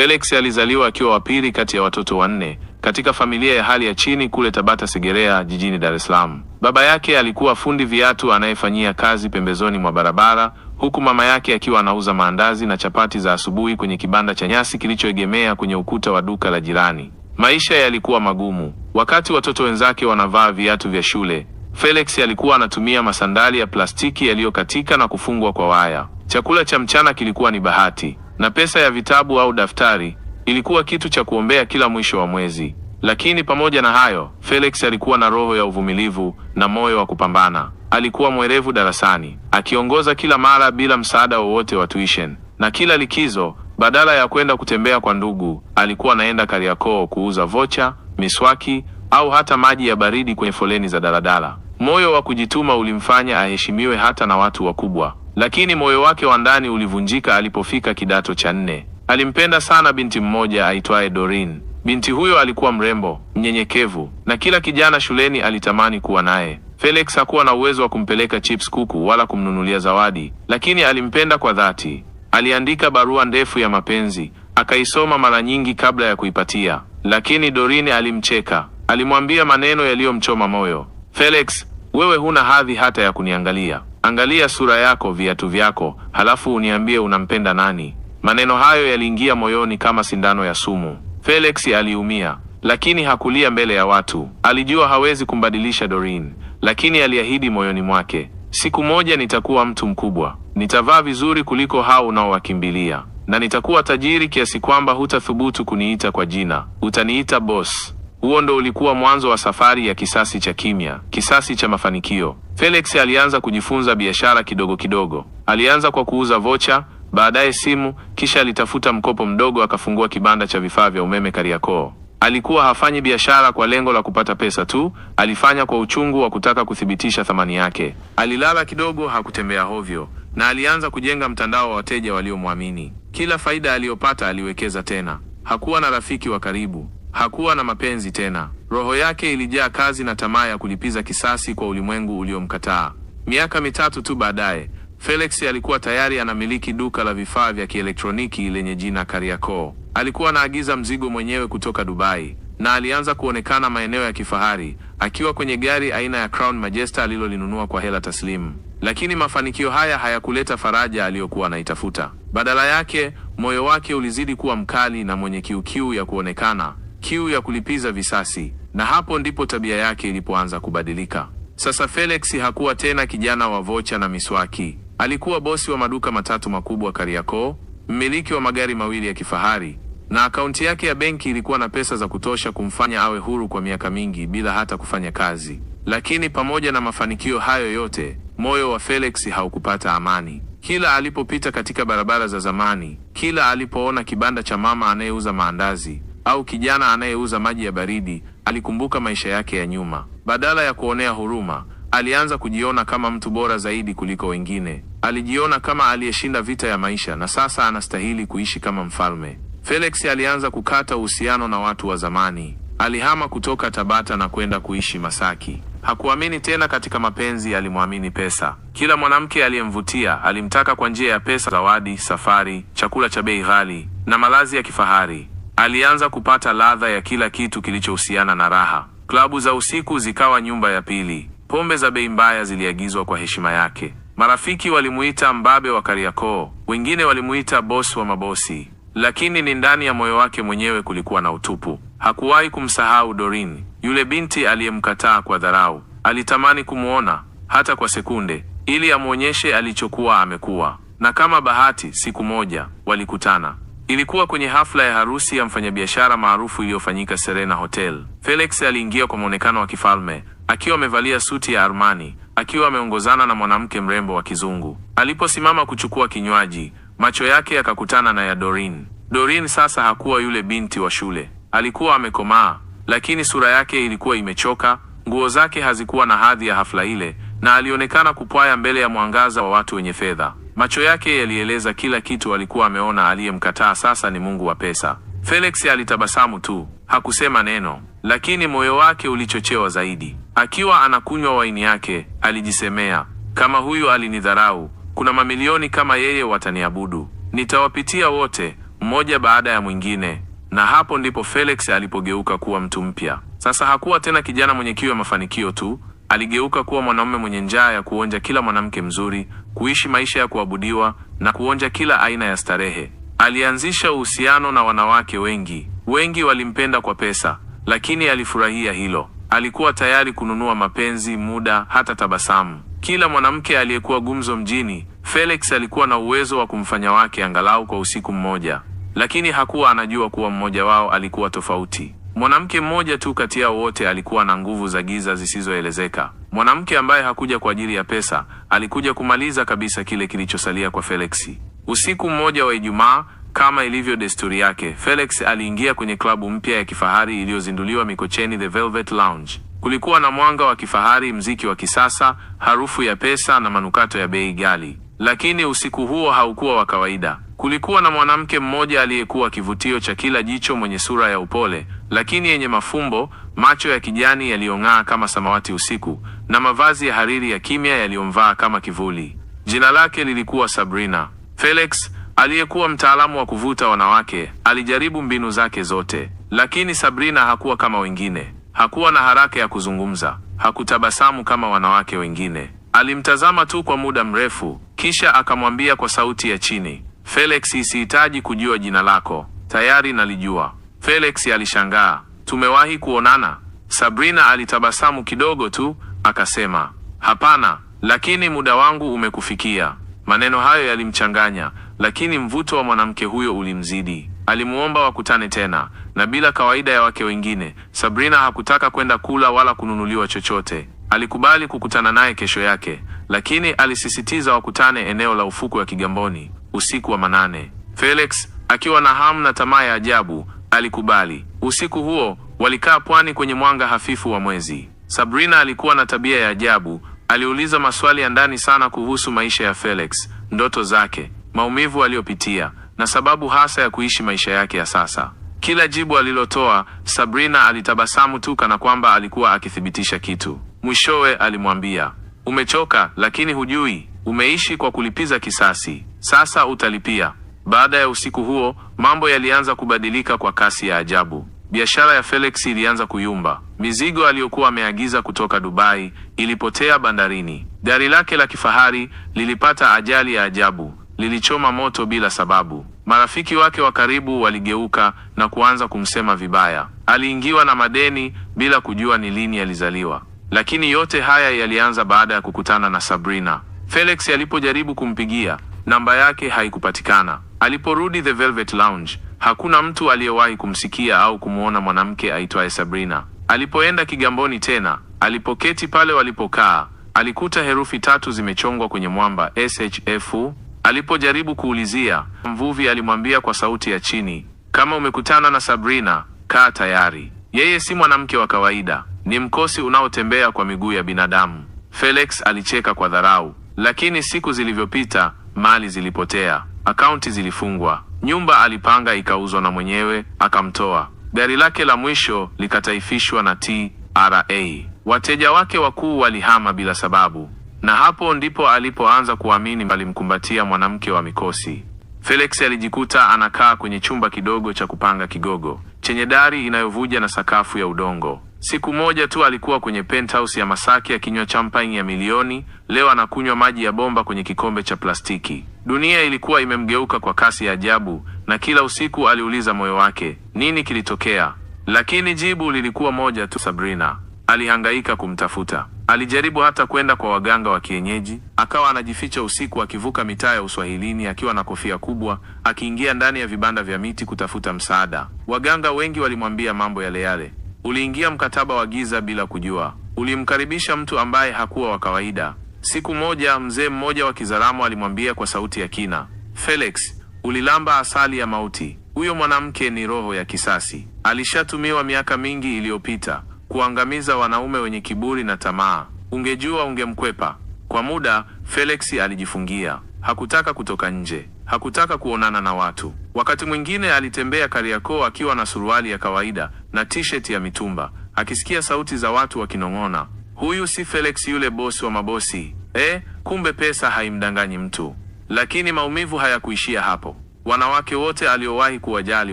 Felix alizaliwa akiwa wa pili kati ya watoto wanne katika familia ya hali ya chini kule Tabata Segerea jijini Dar es Salaam. Baba yake alikuwa fundi viatu anayefanyia kazi pembezoni mwa barabara, huku mama yake akiwa anauza maandazi na chapati za asubuhi kwenye kibanda cha nyasi kilichoegemea kwenye ukuta wa duka la jirani. Maisha yalikuwa magumu. Wakati watoto wenzake wanavaa viatu vya shule, Felix alikuwa anatumia masandali ya plastiki yaliyokatika na kufungwa kwa waya. Chakula cha mchana kilikuwa ni bahati na pesa ya vitabu au daftari ilikuwa kitu cha kuombea kila mwisho wa mwezi. Lakini pamoja na hayo, Felix alikuwa na roho ya uvumilivu na moyo wa kupambana. Alikuwa mwerevu darasani, akiongoza kila mara bila msaada wowote wa tuition, na kila likizo, badala ya kwenda kutembea kwa ndugu, alikuwa anaenda Kariakoo kuuza vocha, miswaki au hata maji ya baridi kwenye foleni za daladala. Moyo wa kujituma ulimfanya aheshimiwe hata na watu wakubwa lakini moyo wake wa ndani ulivunjika alipofika kidato cha nne. Alimpenda sana binti mmoja aitwaye Doreen. Binti huyo alikuwa mrembo, mnyenyekevu na kila kijana shuleni alitamani kuwa naye. Felix hakuwa na uwezo wa kumpeleka chips kuku wala kumnunulia zawadi, lakini alimpenda kwa dhati. Aliandika barua ndefu ya mapenzi, akaisoma mara nyingi kabla ya kuipatia, lakini Doreen alimcheka. Alimwambia maneno yaliyomchoma moyo. Felix, wewe huna hadhi hata ya kuniangalia. Angalia sura yako, viatu vyako, halafu uniambie unampenda nani? Maneno hayo yaliingia moyoni kama sindano ya sumu. Felix aliumia, lakini hakulia mbele ya watu. Alijua hawezi kumbadilisha Doreen, lakini aliahidi moyoni mwake, siku moja nitakuwa mtu mkubwa, nitavaa vizuri kuliko hao unaowakimbilia, na nitakuwa tajiri kiasi kwamba hutathubutu kuniita kwa jina, utaniita boss. Huo ndo ulikuwa mwanzo wa safari ya kisasi cha kimya, kisasi cha mafanikio. Felix alianza kujifunza biashara kidogo kidogo. Alianza kwa kuuza vocha, baadaye simu, kisha alitafuta mkopo mdogo akafungua kibanda cha vifaa vya umeme Kariakoo. Alikuwa hafanyi biashara kwa lengo la kupata pesa tu, alifanya kwa uchungu wa kutaka kuthibitisha thamani yake. Alilala kidogo, hakutembea hovyo, na alianza kujenga mtandao wa wateja waliomwamini. Kila faida aliyopata aliwekeza tena. Hakuwa na rafiki wa karibu. Hakuwa na mapenzi tena. Roho yake ilijaa kazi na tamaa ya kulipiza kisasi kwa ulimwengu uliomkataa. Miaka mitatu tu baadaye, Felix alikuwa tayari anamiliki duka la vifaa vya kielektroniki lenye jina Kariakoo. Alikuwa anaagiza mzigo mwenyewe kutoka Dubai na alianza kuonekana maeneo ya kifahari akiwa kwenye gari aina ya Crown Majesta alilolinunua kwa hela taslimu. Lakini mafanikio haya hayakuleta faraja aliyokuwa anaitafuta. Badala yake, moyo wake ulizidi kuwa mkali na mwenye kiukiu ya kuonekana kiu ya kulipiza visasi, na hapo ndipo tabia yake ilipoanza kubadilika. Sasa Felix hakuwa tena kijana wa vocha na miswaki. Alikuwa bosi wa maduka matatu makubwa Kariakoo, mmiliki wa magari mawili ya kifahari, na akaunti yake ya benki ilikuwa na pesa za kutosha kumfanya awe huru kwa miaka mingi bila hata kufanya kazi. Lakini pamoja na mafanikio hayo yote, moyo wa Felix haukupata amani. Kila alipopita katika barabara za zamani, kila alipoona kibanda cha mama anayeuza maandazi au kijana anayeuza maji ya baridi, alikumbuka maisha yake ya nyuma. Badala ya kuonea huruma, alianza kujiona kama mtu bora zaidi kuliko wengine. Alijiona kama aliyeshinda vita ya maisha na sasa anastahili kuishi kama mfalme. Felix alianza kukata uhusiano na watu wa zamani. Alihama kutoka Tabata na kwenda kuishi Masaki. Hakuamini tena katika mapenzi, alimwamini pesa. Kila mwanamke aliyemvutia alimtaka kwa njia ya pesa, zawadi, safari, chakula cha bei ghali na malazi ya kifahari. Alianza kupata ladha ya kila kitu kilichohusiana na raha. Klabu za usiku zikawa nyumba ya pili, pombe za bei mbaya ziliagizwa kwa heshima yake. Marafiki walimuita mbabe wa Kariakoo, wengine walimuita bosi wa mabosi, lakini ni ndani ya moyo wake mwenyewe kulikuwa na utupu. Hakuwahi kumsahau Doreen, yule binti aliyemkataa kwa dharau. Alitamani kumwona hata kwa sekunde, ili amwonyeshe alichokuwa amekuwa. Na kama bahati, siku moja walikutana. Ilikuwa kwenye hafla ya harusi ya mfanyabiashara maarufu iliyofanyika Serena Hotel. Felix aliingia kwa mwonekano wa kifalme, akiwa amevalia suti ya Armani, akiwa ameongozana na mwanamke mrembo wa kizungu. Aliposimama kuchukua kinywaji, macho yake yakakutana na ya Doreen. Doreen sasa hakuwa yule binti wa shule. Alikuwa amekomaa, lakini sura yake ilikuwa imechoka, nguo zake hazikuwa na hadhi ya hafla ile, na alionekana kupwaya mbele ya mwangaza wa watu wenye fedha. Macho yake yalieleza kila kitu alikuwa ameona. Aliyemkataa sasa ni Mungu wa pesa. Felix alitabasamu tu, hakusema neno, lakini moyo wake ulichochewa zaidi. Akiwa anakunywa waini yake, alijisemea, kama huyu alinidharau, kuna mamilioni kama yeye wataniabudu. Nitawapitia wote mmoja baada ya mwingine. Na hapo ndipo Felix alipogeuka kuwa mtu mpya. Sasa hakuwa tena kijana mwenye kiu ya mafanikio tu, Aligeuka kuwa mwanaume mwenye njaa ya kuonja kila mwanamke mzuri, kuishi maisha ya kuabudiwa na kuonja kila aina ya starehe. Alianzisha uhusiano na wanawake wengi. Wengi walimpenda kwa pesa, lakini alifurahia hilo. Alikuwa tayari kununua mapenzi, muda, hata tabasamu. Kila mwanamke aliyekuwa gumzo mjini, Felix alikuwa na uwezo wa kumfanya wake angalau kwa usiku mmoja, lakini hakuwa anajua kuwa mmoja wao alikuwa tofauti. Mwanamke mmoja tu kati yao wote alikuwa na nguvu za giza zisizoelezeka. Mwanamke ambaye hakuja kwa ajili ya pesa, alikuja kumaliza kabisa kile kilichosalia kwa Feleksi. Usiku mmoja wa Ijumaa, kama ilivyo desturi yake, Felix aliingia kwenye klabu mpya ya kifahari iliyozinduliwa Mikocheni, The Velvet Lounge. Kulikuwa na mwanga wa kifahari, mziki wa kisasa, harufu ya pesa na manukato ya bei ghali. Lakini usiku huo haukuwa wa kawaida. Kulikuwa na mwanamke mmoja aliyekuwa kivutio cha kila jicho, mwenye sura ya upole lakini yenye mafumbo, macho ya kijani yaliyong'aa kama samawati usiku, na mavazi ya hariri ya kimya yaliyomvaa kama kivuli. Jina lake lilikuwa Sabrina. Felix aliyekuwa mtaalamu wa kuvuta wanawake alijaribu mbinu zake zote, lakini Sabrina hakuwa kama wengine. Hakuwa na haraka ya kuzungumza, hakutabasamu kama wanawake wengine. Alimtazama tu kwa muda mrefu, kisha akamwambia kwa sauti ya chini, Felix, sihitaji kujua jina lako, tayari nalijua. Felix alishangaa. Tumewahi kuonana? Sabrina alitabasamu kidogo tu, akasema hapana, lakini muda wangu umekufikia. Maneno hayo yalimchanganya, lakini mvuto wa mwanamke huyo ulimzidi. Alimuomba wakutane tena, na bila kawaida ya wake wengine, Sabrina hakutaka kwenda kula wala kununuliwa chochote. Alikubali kukutana naye kesho yake, lakini alisisitiza wakutane eneo la ufukwe wa Kigamboni usiku wa manane. Felix akiwa na hamu na tamaa ya ajabu alikubali. Usiku huo walikaa pwani kwenye mwanga hafifu wa mwezi. Sabrina alikuwa na tabia ya ajabu, aliuliza maswali ya ndani sana kuhusu maisha ya Felix, ndoto zake, maumivu aliyopitia na sababu hasa ya kuishi maisha yake ya sasa. Kila jibu alilotoa, Sabrina alitabasamu tu kana kwamba alikuwa akithibitisha kitu. Mwishowe alimwambia, umechoka, lakini hujui, umeishi kwa kulipiza kisasi, sasa utalipia. Baada ya usiku huo, mambo yalianza kubadilika kwa kasi ya ajabu. Biashara ya Felix ilianza kuyumba. Mizigo aliyokuwa ameagiza kutoka Dubai ilipotea bandarini. Gari lake la kifahari lilipata ajali ya ajabu, lilichoma moto bila sababu. Marafiki wake wa karibu waligeuka na kuanza kumsema vibaya. Aliingiwa na madeni bila kujua ni lini alizaliwa. Lakini yote haya yalianza baada ya kukutana na Sabrina. Felix alipojaribu kumpigia namba yake haikupatikana. Aliporudi The Velvet Lounge, hakuna mtu aliyewahi kumsikia au kumwona mwanamke aitwaye Sabrina. Alipoenda Kigamboni tena, alipoketi pale walipokaa, alikuta herufi tatu zimechongwa kwenye mwamba SHF. Alipojaribu kuulizia, mvuvi alimwambia kwa sauti ya chini, kama umekutana na Sabrina, kaa tayari. Yeye si mwanamke wa kawaida. Ni mkosi unaotembea kwa miguu ya binadamu. Felix alicheka kwa dharau, lakini siku zilivyopita, mali zilipotea, akaunti zilifungwa, nyumba alipanga ikauzwa na mwenyewe akamtoa. Gari lake la mwisho likataifishwa na TRA. Wateja wake wakuu walihama bila sababu, na hapo ndipo alipoanza kuamini alimkumbatia mwanamke wa mikosi. Felix alijikuta anakaa kwenye chumba kidogo cha kupanga kigogo chenye dari inayovuja na sakafu ya udongo. Siku moja tu alikuwa kwenye penthouse ya Masaki akinywa champagne ya milioni, leo anakunywa maji ya bomba kwenye kikombe cha plastiki. Dunia ilikuwa imemgeuka kwa kasi ya ajabu, na kila usiku aliuliza moyo wake, nini kilitokea? Lakini jibu lilikuwa moja tu, Sabrina. Alihangaika kumtafuta. Alijaribu hata kwenda kwa waganga wa kienyeji, akawa anajificha usiku akivuka mitaa ya Uswahilini akiwa na kofia kubwa, akiingia ndani ya vibanda vya miti kutafuta msaada. Waganga wengi walimwambia mambo yale yale. Uliingia mkataba wa giza bila kujua, ulimkaribisha mtu ambaye hakuwa wa kawaida. Siku moja mzee mmoja wa Kizaramo alimwambia kwa sauti ya kina, Felix, ulilamba asali ya mauti. Huyo mwanamke ni roho ya kisasi, alishatumiwa miaka mingi iliyopita kuangamiza wanaume wenye kiburi na tamaa. Ungejua ungemkwepa. Kwa muda Felix alijifungia, hakutaka kutoka nje hakutaka kuonana na watu. Wakati mwingine alitembea Kariakoo akiwa na suruali ya kawaida na t-shirt ya mitumba, akisikia sauti za watu wakinong'ona, huyu si Felix yule bosi wa mabosi eh? Kumbe pesa haimdanganyi mtu. Lakini maumivu hayakuishia hapo. Wanawake wote aliowahi kuwajali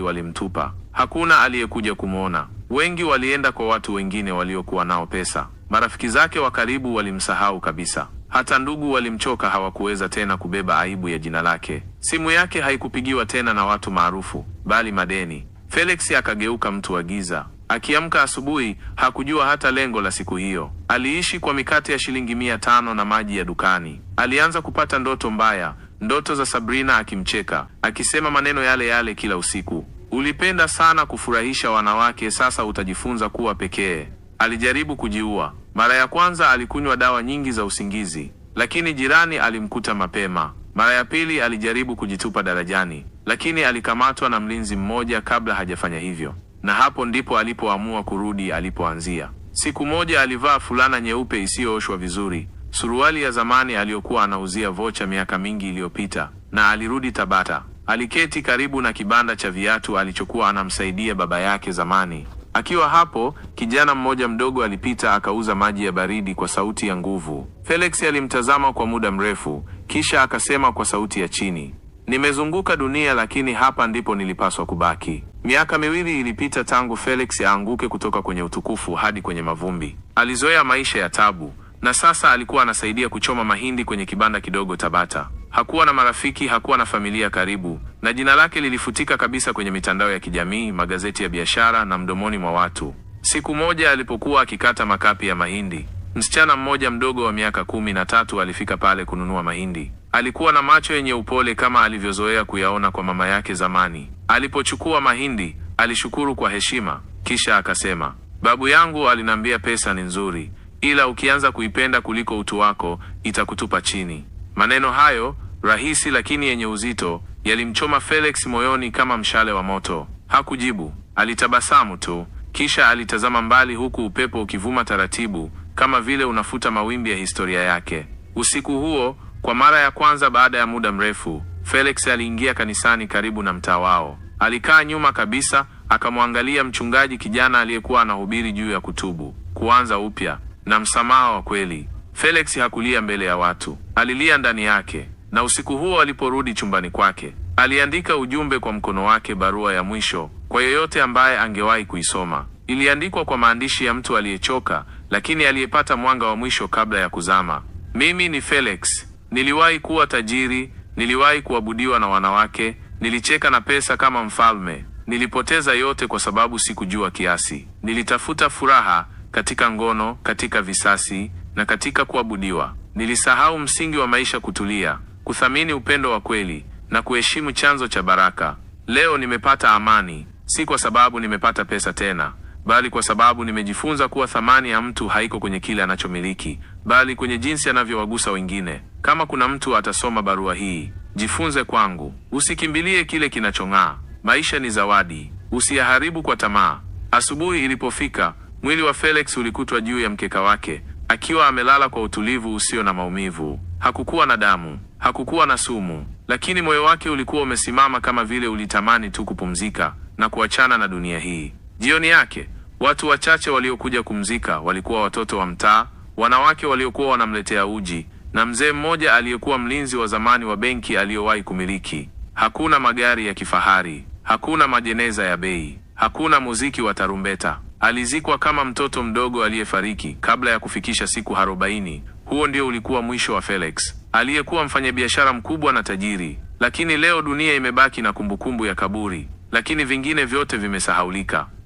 walimtupa, hakuna aliyekuja kumwona. Wengi walienda kwa watu wengine waliokuwa nao pesa. Marafiki zake wa karibu walimsahau kabisa, hata ndugu walimchoka, hawakuweza tena kubeba aibu ya jina lake. Simu yake haikupigiwa tena na watu maarufu, bali madeni. Felix akageuka mtu wa giza. Akiamka asubuhi, hakujua hata lengo la siku hiyo. Aliishi kwa mikate ya shilingi mia tano na maji ya dukani. Alianza kupata ndoto mbaya, ndoto za Sabrina akimcheka, akisema maneno yale yale kila usiku. Ulipenda sana kufurahisha wanawake, sasa utajifunza kuwa pekee. Alijaribu kujiua. Mara ya kwanza alikunywa dawa nyingi za usingizi, lakini jirani alimkuta mapema. Mara ya pili alijaribu kujitupa darajani, lakini alikamatwa na mlinzi mmoja kabla hajafanya hivyo, na hapo ndipo alipoamua kurudi alipoanzia. Siku moja alivaa fulana nyeupe isiyooshwa vizuri, suruali ya zamani aliyokuwa anauzia vocha miaka mingi iliyopita, na alirudi Tabata. Aliketi karibu na kibanda cha viatu alichokuwa anamsaidia baba yake zamani. Akiwa hapo, kijana mmoja mdogo alipita akauza maji ya baridi kwa sauti ya nguvu. Felix alimtazama kwa muda mrefu, kisha akasema kwa sauti ya chini, nimezunguka dunia, lakini hapa ndipo nilipaswa kubaki. Miaka miwili ilipita tangu Felix aanguke kutoka kwenye utukufu hadi kwenye mavumbi. Alizoea maisha ya tabu na sasa alikuwa anasaidia kuchoma mahindi kwenye kibanda kidogo Tabata. Hakuwa na marafiki, hakuwa na familia karibu, na jina lake lilifutika kabisa kwenye mitandao ya kijamii, magazeti ya biashara na mdomoni mwa watu. Siku moja alipokuwa akikata makapi ya mahindi, msichana mmoja mdogo wa miaka kumi na tatu alifika pale kununua mahindi. Alikuwa na macho yenye upole kama alivyozoea kuyaona kwa mama yake zamani. Alipochukua mahindi, alishukuru kwa heshima, kisha akasema, babu yangu aliniambia pesa ni nzuri, ila ukianza kuipenda kuliko utu wako, itakutupa chini. Maneno hayo rahisi lakini yenye uzito yalimchoma Felix moyoni kama mshale wa moto. Hakujibu, alitabasamu tu, kisha alitazama mbali, huku upepo ukivuma taratibu kama vile unafuta mawimbi ya historia yake. Usiku huo, kwa mara ya kwanza baada ya muda mrefu, Felix aliingia kanisani karibu na mtaa wao. Alikaa nyuma kabisa, akamwangalia mchungaji kijana aliyekuwa anahubiri juu ya kutubu, kuanza upya na msamaha wa kweli. Felix hakulia mbele ya watu, alilia ndani yake, na usiku huo aliporudi chumbani kwake, aliandika ujumbe kwa mkono wake, barua ya mwisho kwa yeyote ambaye angewahi kuisoma. Iliandikwa kwa maandishi ya mtu aliyechoka, lakini aliyepata mwanga wa mwisho kabla ya kuzama. Mimi ni Felix. Niliwahi kuwa tajiri, niliwahi kuabudiwa na wanawake, nilicheka na pesa kama mfalme. Nilipoteza yote kwa sababu sikujua kiasi. Nilitafuta furaha katika ngono, katika visasi, na katika kuabudiwa. Nilisahau msingi wa maisha, kutulia, kuthamini upendo wa kweli na kuheshimu chanzo cha baraka. Leo nimepata amani, si kwa sababu nimepata pesa tena, bali kwa sababu nimejifunza kuwa thamani ya mtu haiko kwenye kile anachomiliki, bali kwenye jinsi anavyowagusa wengine. Kama kuna mtu atasoma barua hii, jifunze kwangu, usikimbilie kile kinachong'aa. Maisha ni zawadi, usiyaharibu kwa tamaa. Asubuhi ilipofika, mwili wa Felix ulikutwa juu ya mkeka wake, akiwa amelala kwa utulivu usio na maumivu. Hakukuwa na damu, hakukuwa na sumu, lakini moyo wake ulikuwa umesimama, kama vile ulitamani tu kupumzika na kuachana na dunia hii. Jioni yake, watu wachache waliokuja kumzika walikuwa watoto wa mtaa, wanawake waliokuwa wanamletea uji na mzee mmoja aliyekuwa mlinzi wa zamani wa benki aliyowahi kumiliki. Hakuna magari ya kifahari, hakuna majeneza ya bei, hakuna muziki wa tarumbeta. Alizikwa kama mtoto mdogo aliyefariki kabla ya kufikisha siku arobaini. Huo ndio ulikuwa mwisho wa Felix, aliyekuwa mfanyabiashara mkubwa na tajiri, lakini leo dunia imebaki na kumbukumbu ya kaburi, lakini vingine vyote vimesahaulika.